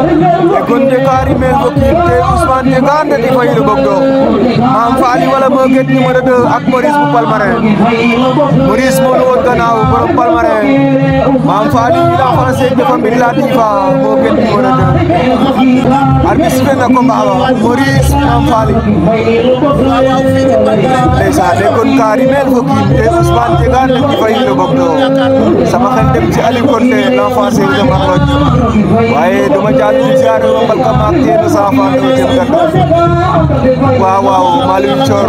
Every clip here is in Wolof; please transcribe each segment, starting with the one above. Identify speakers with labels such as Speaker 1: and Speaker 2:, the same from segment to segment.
Speaker 1: gundekari men vokib te Ousmane te gande di fayi lu gogdo mam fali wala mo get numéro 2 ak Maurice bu Palmarin Maurice mo lu won gannaaw borom Palmarin Mame Fally il a français defambir la diva Mo Gates numéro 2 arbitre sifflé na combat ba Maurice Mame Fally ndeysaan ne kon ka rimel fo kiin te Ousmane Diegane ne diva yino bog to sama xel dem ci Aliou Konté l'enfant séeréer de Marloj waaye dama jaadu ziar ma mbal ka maak teen o saafa no jem gando waaw waaw Malick Thior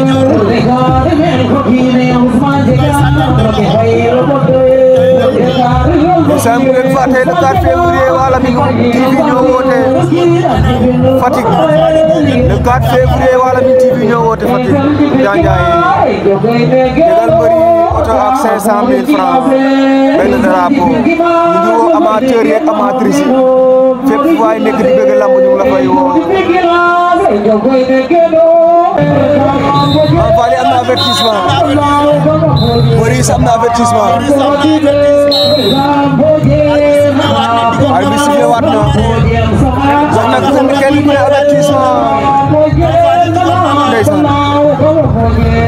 Speaker 1: लगातार फेवरे वाला भी टीवी जो वोटे फटिक लगातार फेवरे वाला भी टीवी जो वोटे फटिक जान जाए जगल बड़ी ऑटो अक्सर सामने फ्रांस पहले तरह आपको जो अमाचर या अमात्री से फेब्रुआरी में करीब के लाम मुझे लगा ये वो Avali am na avertissement. Boris am na avertissement. आरबीसीके वार्ड जखन कुन केली पण आता तीस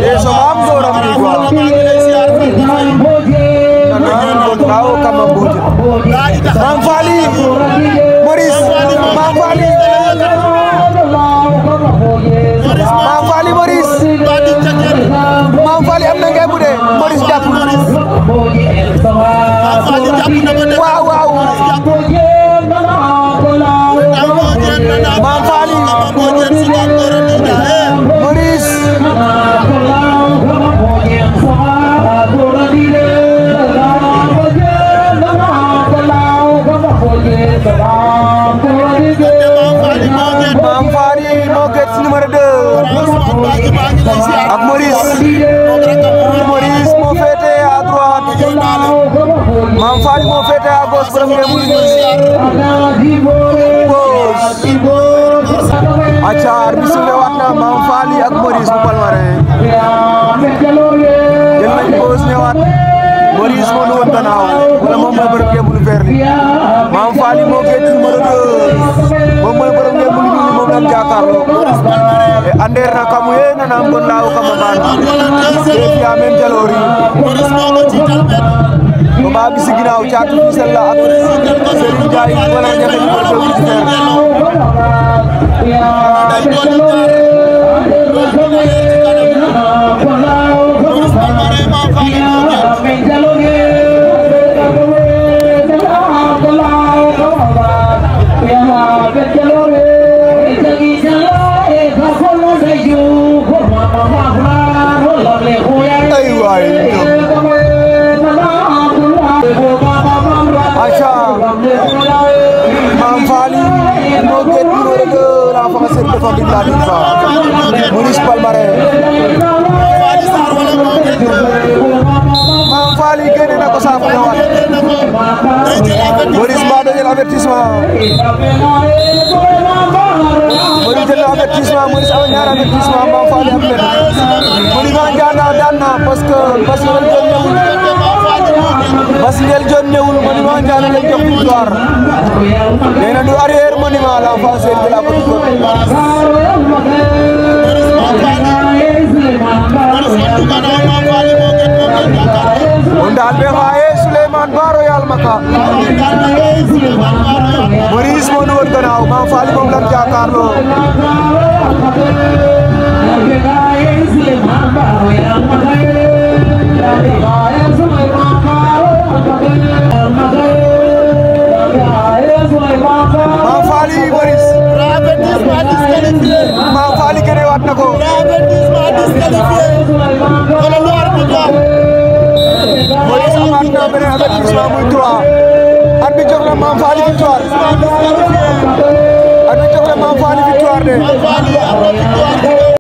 Speaker 1: ये समाम जोड़ हम हुआ ना काम बोझ हम Fali Nuggets numéro 2 ak Maurice Maurice moo féete à droite Mame Faly moo féete à gauche borom ngeen mu gauche acar bi suufee waat na Mame Faly ak Maurice bu Palmarin jël nañ gauche ñëwaat Maurice moo nu woon gannaaw wala moom mooy borom ngeen mu vert jàkkaarloo eh, andeer na kamu yéena na gondaaw kama baan defi amen jaloori ko ba bisi ginaaw caatu fisal la ak serigne jaay wala ñexe ko ko ci fer Yeah. aca Mame Faly moo gën numéro 2 la famille de famille Municipal Marin habertisma mori jelle habertisma mori sawa ñaar habertisma ma faale am ben mori ga jana danna parce que parce que jol newul bas ngel jol newul moni ma jana la jox victoire neena du arrière moni ma la face de la Côte d'Ivoire on dal be xaye बनबारो याल मका मरीज मनोर गनाओ मा फाली बंगला क्या कारो माफाली बरिस के amaat naa beneen avertissement muy trois arbitre jox na Mame Fally victoire arbitre jox na Mame Fally victoire de